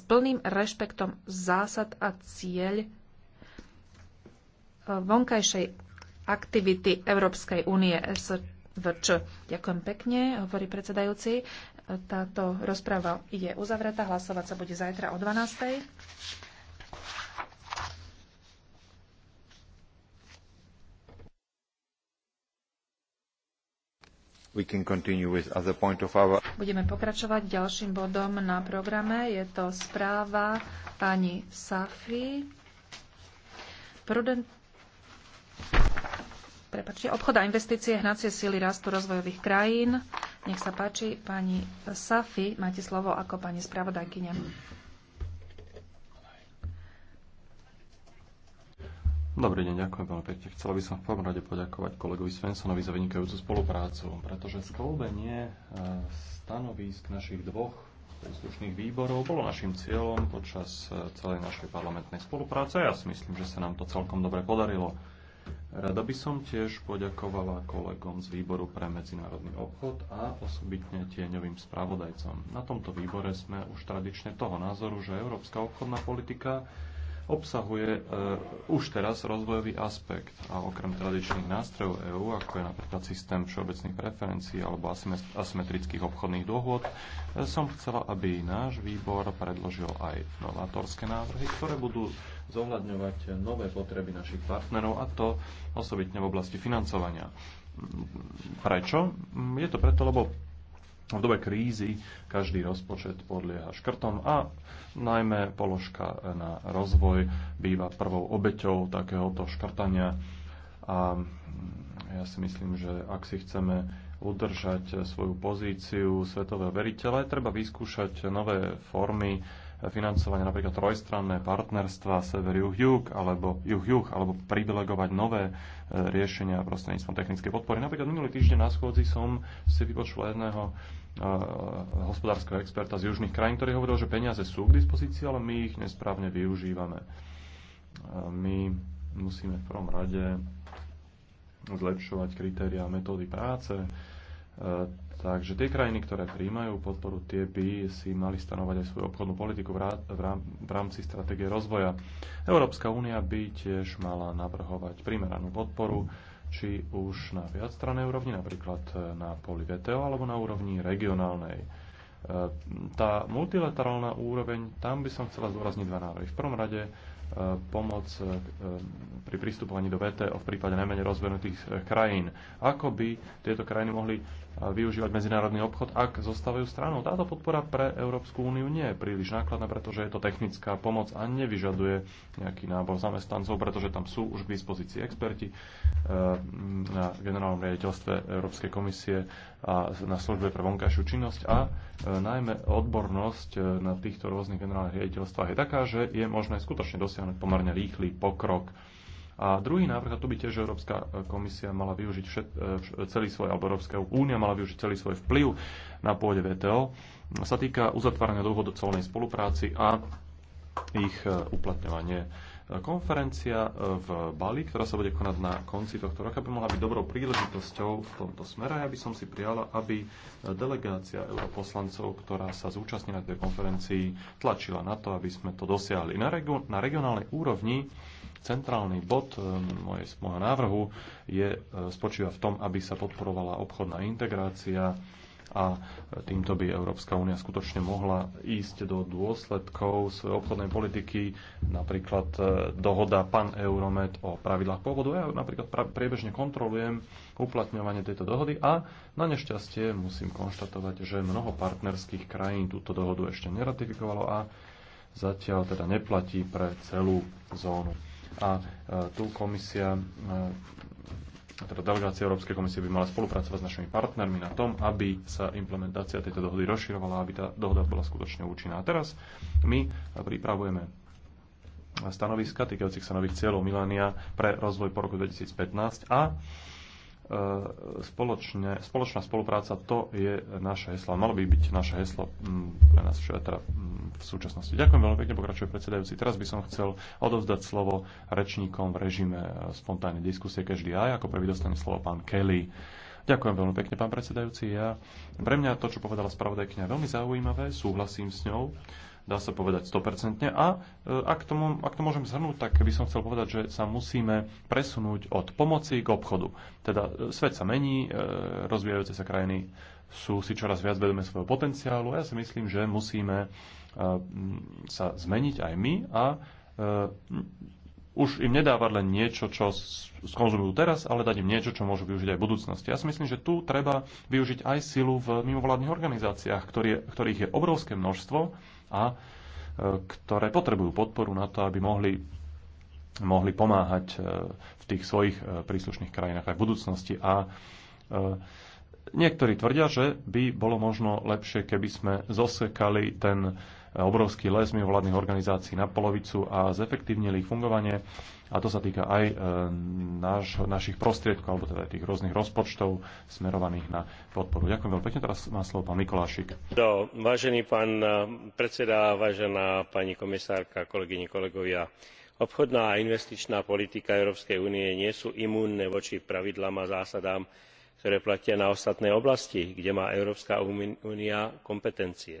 s plným rešpektom zásad a cieľ e, vonkajšej aktivity Európskej únie SVČ. Ďakujem pekne, hovorí predsedajúci. E, táto rozpráva je uzavretá, hlasovať sa bude zajtra o 12. We can continue with other point of our... Budeme pokračovať ďalším bodom na programe. Je to správa pani Safi. Prudent... Prepačte, obchod a investície, hnacie síly rastu rozvojových krajín. Nech sa páči, pani Safi, máte slovo ako pani spravodajkyňa. Dobrý deň, ďakujem veľmi pekne. Chcela by som v prvom rade poďakovať kolegovi Svensonovi za vynikajúcu spoluprácu, pretože sklbenie stanovísk našich dvoch príslušných výborov bolo našim cieľom počas e, celej našej parlamentnej spolupráce. Ja si myslím, že sa nám to celkom dobre podarilo. Rada by som tiež poďakovala kolegom z výboru pre medzinárodný obchod a osobitne tieňovým spravodajcom. Na tomto výbore sme už tradične toho názoru, že európska obchodná politika obsahuje e, už teraz rozvojový aspekt a okrem tradičných nástrojov EÚ, ako je napríklad systém všeobecných preferencií alebo asymetrických obchodných dôvod, e, som chcela, aby náš výbor predložil aj novátorské návrhy, ktoré budú zohľadňovať nové potreby našich partnerov a to osobitne v oblasti financovania. Prečo? Je to preto, lebo v dobe krízy každý rozpočet podlieha škrtom a najmä položka na rozvoj býva prvou obeťou takéhoto škrtania. A ja si myslím, že ak si chceme udržať eh, svoju pozíciu veriteľa, veriteľe, treba vyskúšať nové formy eh, financovania, napríklad trojstranné partnerstva sever-juh-juh alebo juh-juh, alebo privilegovať nové eh, riešenia prostredníctvom technickej podpory. Napríklad minulý týždeň na schôdzi som si vypočul jedného hospodárskeho experta z južných krajín, ktorý hovoril, že peniaze sú k dispozícii, ale my ich nesprávne využívame. My musíme v prvom rade zlepšovať kritéria a metódy práce, Eh, takže tie krajiny, ktoré príjmajú podporu, tie by si mali stanovať aj svoju obchodnú politiku v rámci stratégie rozvoja. Európska únia by tiež mala navrhovať primeranú podporu, či už na viacstranej úrovni, napríklad na poli VTO, alebo na úrovni regionálnej. Eh, tá multilaterálna úroveň, tam by som chcela zdôrazniť dva návrhy. V prvom rade pomoc e, pri pristupovaní do VTO v prípade najmenej rozvinutých e, krajín. Ako by tieto krajiny mohli využívať medzinárodný obchod, ak zostávajú stranou. Táto podpora pre Európsku úniu nie je príliš nákladná, pretože je to technická pomoc a nevyžaduje nejaký nábor zamestnancov, pretože tam sú už k dispozícii experti eh, na generálnom riaditeľstve Európskej komisie a na službe pre vonkajšiu činnosť a eh, najmä odbornosť eh, na týchto rôznych generálnych riaditeľstvách je taká, že je možné skutočne dosiahnuť pomerne rýchly pokrok a druhý návrh, a to by tiež Európska e, komisia mala využiť všet, e, e, celý svoj, alebo Európska únia mala využiť celý svoj vplyv na pôde VTO, sa týka uzatvárania dohod o colnej spolupráci a ich uplatňovanie. Konferencia v Bali, ktorá sa bude konať na konci tohto roka, by mohla byť dobrou príležitosťou v tomto smere. Ja by som si prijala, aby delegácia europoslancov, ktorá sa zúčastní na tej konferencii, tlačila na to, aby sme to dosiahli. Na, regionálnej úrovni Centrálny bod e, moje, môjho návrhu je, e, spočíva v tom, aby sa podporovala obchodná integrácia a e, týmto by Európska únia skutočne mohla ísť do dôsledkov svojej obchodnej politiky, napríklad dohoda Pan Euromed o pravidlách pôvodu. Ja napríklad priebežne kontrolujem uplatňovanie tejto dohody a na nešťastie musím konštatovať, že mnoho partnerských krajín túto dohodu ešte neratifikovalo a zatiaľ teda neplatí pre celú zónu a e, tu komisia e, teda delegácia Európskej komisie by mala spolupracovať s našimi partnermi na tom, aby sa implementácia tejto dohody rozširovala, aby tá dohoda bola skutočne účinná. A teraz my pripravujeme stanoviska týkajúcich sa nových cieľov milénia pre rozvoj po roku 2015 a E, spoločne, spoločná spolupráca, to je naše heslo. Malo by byť naše heslo mm, pre nás všetko teda mm, v súčasnosti. Ďakujem veľmi pekne, pokračuje predsedajúci. Teraz by som chcel odovzdať slovo rečníkom v režime e, spontánnej diskusie každý aj. Ako prvý dostane slovo pán Kelly. Ďakujem veľmi pekne, pán predsedajúci. Ja, pre mňa to, čo povedala spravodajkňa, je veľmi zaujímavé, súhlasím s ňou dá sa povedať 100%. A e, ak, tomu, ak to môžem zhrnúť, tak by som chcel povedať, že sa musíme presunúť od pomoci k obchodu. Teda e, svet sa mení, e, rozvíjajúce sa krajiny sú si čoraz viac vedome svojho potenciálu a ja si myslím, že musíme sa zmeniť aj my a už im nedávať len niečo, čo skonzumujú teraz, ale dať im niečo, čo môžu využiť aj v budúcnosti. Ja si myslím, že tu treba využiť aj silu v mimovládnych organizáciách, ktorý, ktorých je obrovské množstvo a e, ktoré potrebujú podporu na to, aby mohli, mohli pomáhať e, v tých svojich e, príslušných krajinách aj v budúcnosti. A niektorí tvrdia, že by bolo možno lepšie, keby sme zosekali ten obrovský les mimovládnych organizácií na polovicu a zefektívnili ich fungovanie. A to sa týka aj e, naš, našich prostriedkov, alebo teda tých rôznych rozpočtov smerovaných na podporu. Ďakujem veľmi pekne. Teraz má slovo pán Mikolášik. Do, no, vážený pán e, predseda, vážená pani komisárka, kolegyni, kolegovia, obchodná a investičná politika európskej únie nie sú imúnne voči pravidlám a zásadám ktoré platia na ostatné oblasti kde má európska únia kompetencie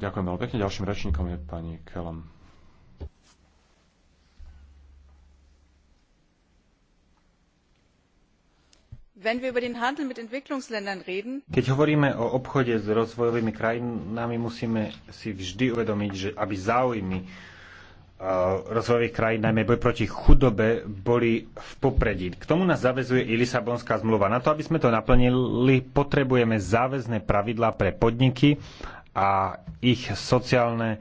Ďakujem veľmi pekne. Ďalším rečníkom je pani Kelam. Keď hovoríme o obchode s rozvojovými krajinami, musíme si vždy uvedomiť, že aby záujmy e, rozvojových krajín, najmä boj proti chudobe, boli v popredí. K tomu nás zavezuje i Lisabonská zmluva. Na to, aby sme to naplnili, potrebujeme záväzné pravidlá pre podniky a ich sociálne e,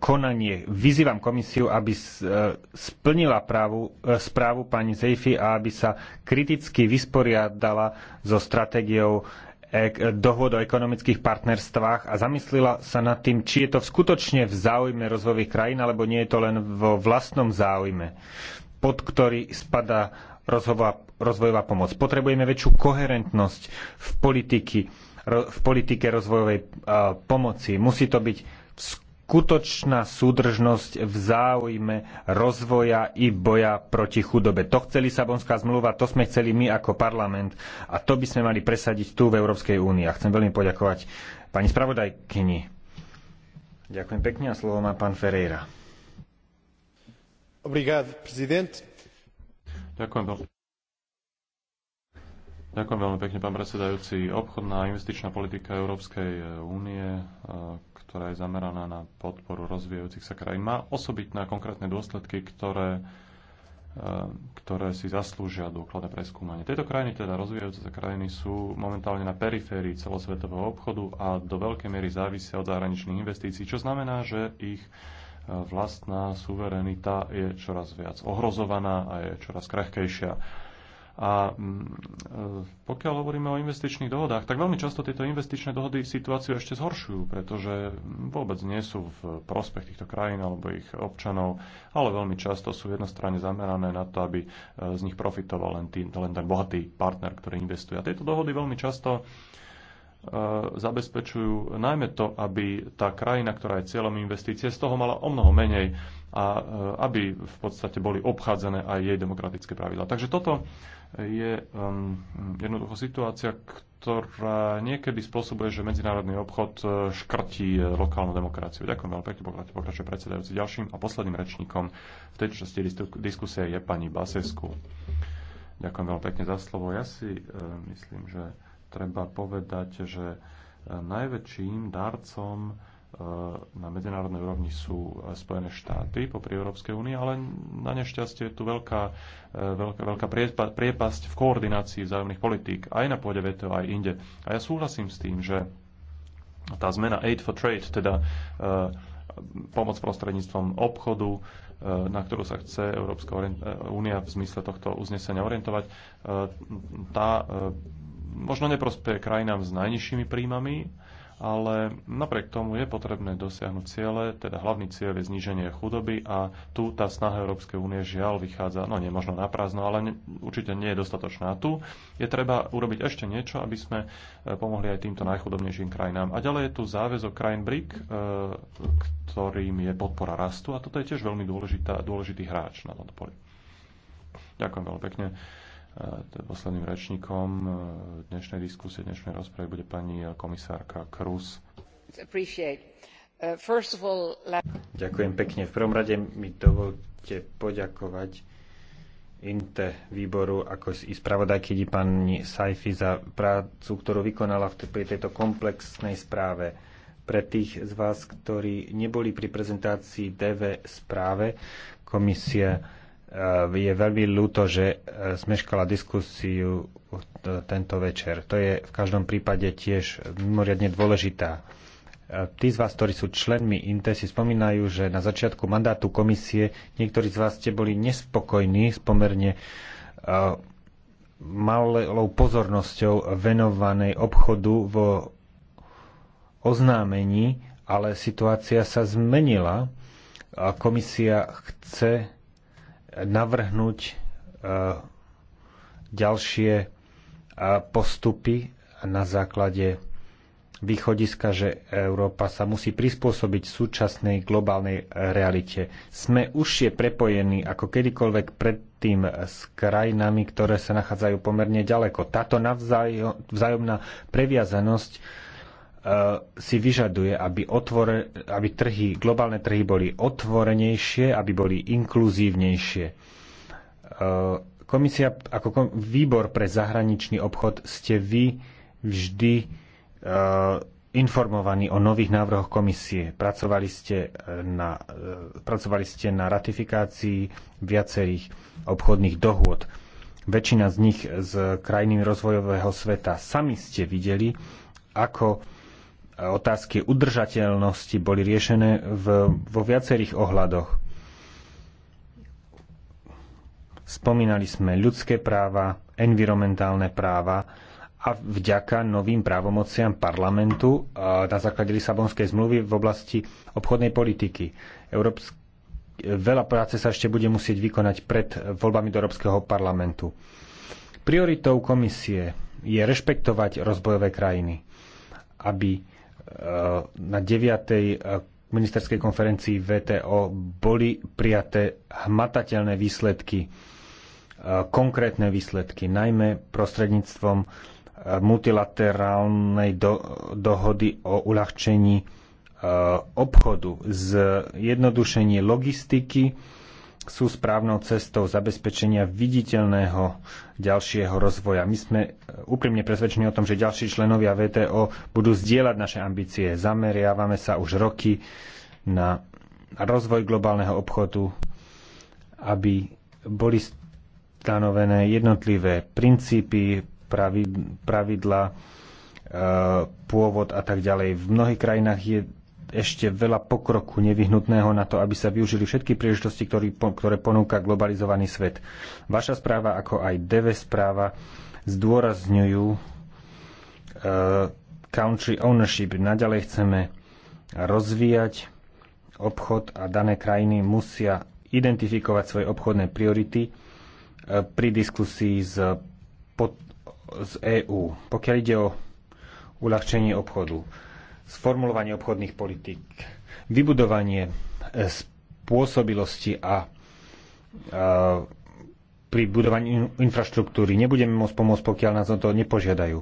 konanie. Vyzývam komisiu, aby e, splnila právu, e, správu pani Zejfi a aby sa kriticky vysporiadala so stratégiou dohod o ekonomických partnerstvách a zamyslila sa nad tým, či je to skutočne v záujme rozvojových krajín, alebo nie je to len vo vlastnom záujme, pod ktorý spadá rozvojová, rozvojová pomoc. Potrebujeme väčšiu koherentnosť v politiky v politike rozvojovej e, pomoci. Musí to byť skutočná súdržnosť v záujme rozvoja i boja proti chudobe. To chce Lisabonská zmluva, to sme chceli my ako parlament a to by sme mali presadiť tu v Európskej únii. A chcem veľmi poďakovať pani spravodajkyni. Ďakujem pekne a slovo má pán Ferreira. Obrigado, presidente. Ďakujem veľmi Ďakujem veľmi pekne, pán predsedajúci. Obchodná investičná politika Európskej e, únie, e, ktorá je zameraná na podporu rozvíjajúcich sa krajín, má osobitné konkrétne dôsledky, ktoré, e, ktoré si zaslúžia dôkladné preskúmanie. Tieto krajiny, teda rozvíjajúce sa krajiny, sú momentálne na periférii celosvetového obchodu a do veľkej miery závisia od zahraničných investícií, čo znamená, že ich vlastná suverenita je čoraz viac ohrozovaná a je čoraz krehkejšia. A mm, e, pokiaľ hovoríme o investičných dohodách, tak veľmi často tieto investičné dohody situáciu ešte zhoršujú, pretože vôbec nie sú v prospech týchto krajín alebo ich občanov, ale veľmi často sú jednostranne zamerané na to, aby e, z nich profitoval len, tý, len ten bohatý partner, ktorý investuje. A tieto dohody veľmi často e, zabezpečujú najmä to, aby tá krajina, ktorá je cieľom investície, z toho mala o mnoho menej a e, aby v podstate boli obchádzané aj jej demokratické pravidla. Takže toto je um, jednoducho situácia, ktorá niekedy spôsobuje, že medzinárodný obchod e, škrtí e, lokálnu demokraciu. Ďakujem veľmi pekne, pokračuje predsedajúci. Ďalším a posledným rečníkom v tejto časti diskusie je pani Basesku. Ďakujem veľmi pekne za slovo. Ja si e, myslím, že treba povedať, že najväčším darcom E, na medzinárodnej úrovni sú Spojené štáty popri Európskej únie, ale na nešťastie je tu veľká, e, veľká, veľká priepasť v koordinácii vzájomných politík aj na pôde VTO, aj inde. A ja súhlasím s tým, že tá zmena Aid for Trade, teda e, pomoc prostredníctvom obchodu, na ktorú sa chce Európska únia v zmysle tohto uznesenia orientovať, tá možno neprospeje krajinám s najnižšími príjmami, ale napriek tomu je potrebné dosiahnuť ciele, teda hlavný cieľ je zníženie chudoby a tu tá snaha Európskej únie žiaľ vychádza, no nie možno na prázdno, ale ne, určite nie je dostatočná. A tu je treba urobiť ešte niečo, aby sme e, pomohli aj týmto najchudobnejším krajinám. A ďalej je tu záväzok krajín BRIC, e, ktorým je podpora rastu a toto je tiež veľmi dôležitá, dôležitý hráč na tomto poli. Ďakujem veľmi pekne posledným rečníkom e, dnešnej diskusie, dnešnej rozpravy bude pani e, komisárka Krus. E, Ďakujem pekne. V prvom rade mi dovolte poďakovať INTE výboru ako i spravodajky pani Saifi za prácu, ktorú vykonala v pri tejto komplexnej správe. Pre tých z vás, ktorí neboli pri prezentácii DV správe komisie E, je veľmi ľúto, že e, smeškala diskusiu tento večer. To je v každom prípade tiež mimoriadne dôležitá. E, tí z vás, ktorí sú členmi INTE, si spomínajú, že na začiatku mandátu komisie niektorí z vás ste boli nespokojní s pomerne malou pozornosťou venovanej obchodu vo oznámení, ale situácia sa zmenila. Komisia chce navrhnúť e, ďalšie e, postupy na základe východiska, že Európa sa musí prispôsobiť súčasnej globálnej realite. Sme užšie prepojení ako kedykoľvek predtým s krajinami, ktoré sa nachádzajú pomerne ďaleko. Táto navzájomná previazanosť Eh, si vyžaduje, aby, otvore, aby trhy, globálne trhy boli otvorenejšie, aby boli inkluzívnejšie. Eh, komisia, ako kom, výbor pre zahraničný obchod, ste vy vždy eh, informovaní o nových návrhoch komisie. Pracovali ste na, pracovali ste na ratifikácii viacerých obchodných dohôd. Väčšina z nich s krajinami rozvojového sveta. Sami ste videli, ako otázky udržateľnosti boli riešené v, vo viacerých ohľadoch. Spomínali sme ľudské práva, environmentálne práva a vďaka novým právomociam parlamentu na základe Lisabonskej zmluvy v oblasti obchodnej politiky. Európsk... Veľa práce sa ešte bude musieť vykonať pred voľbami do Európskeho parlamentu. Prioritou komisie je rešpektovať rozbojové krajiny, aby Eh, na 9. Eh, ministerskej konferencii VTO boli prijaté hmatateľné výsledky, eh, konkrétne výsledky, najmä prostredníctvom multilaterálnej do, dohody o uľahčení obchodu, zjednodušenie logistiky, sú správnou cestou zabezpečenia viditeľného ďalšieho rozvoja. My sme e, úprimne presvedčení o tom, že ďalší členovia VTO budú zdieľať naše ambície. Zameriavame sa už roky na rozvoj globálneho obchodu, aby boli stanovené jednotlivé princípy, pravidla, e, pôvod a tak ďalej. V mnohých krajinách je ešte veľa pokroku nevyhnutného na to, aby sa využili všetky príležitosti, ktorý, ktoré ponúka globalizovaný svet. Vaša správa, ako aj DV správa, zdôrazňujú uh, country ownership. Naďalej chceme rozvíjať obchod a dané krajiny musia identifikovať svoje obchodné priority uh, pri diskusii z, pod, z EU. Pokiaľ ide o uľahčenie obchodu sformulovanie obchodných politík, vybudovanie e, spôsobilosti a, a e, pri budovaní infraštruktúry. Nebudeme môcť pomôcť, pokiaľ nás o to nepožiadajú.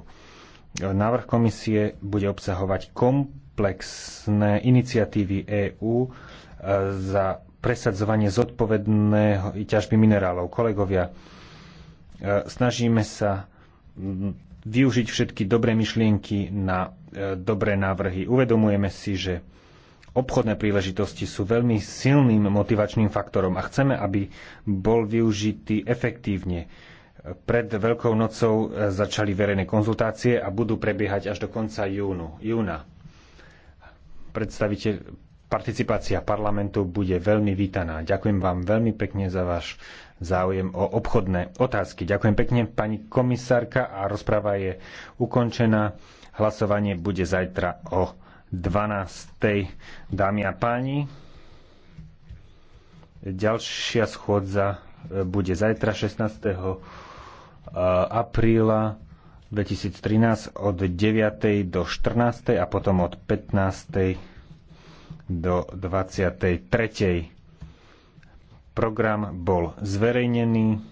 Návrh komisie bude obsahovať komplexné iniciatívy EÚ e, za presadzovanie zodpovedného ťažby minerálov. Kolegovia, snažíme sa využiť všetky dobré myšlienky na e, dobré návrhy. Uvedomujeme si, že obchodné príležitosti sú veľmi silným motivačným faktorom a chceme, aby bol využitý efektívne. Pred Veľkou nocou e, začali verejné konzultácie a budú prebiehať až do konca júnu, júna. Predstavite, participácia parlamentu bude veľmi vítaná. Ďakujem vám veľmi pekne za váš záujem o obchodné otázky. Ďakujem pekne, pani komisárka, a rozpráva je ukončená. Hlasovanie bude zajtra o 12. Dámy a páni, ďalšia schôdza e, bude zajtra 16. E, apríla 2013 od 9. do 14. a potom od 15. do 23. Program bol zverejnený.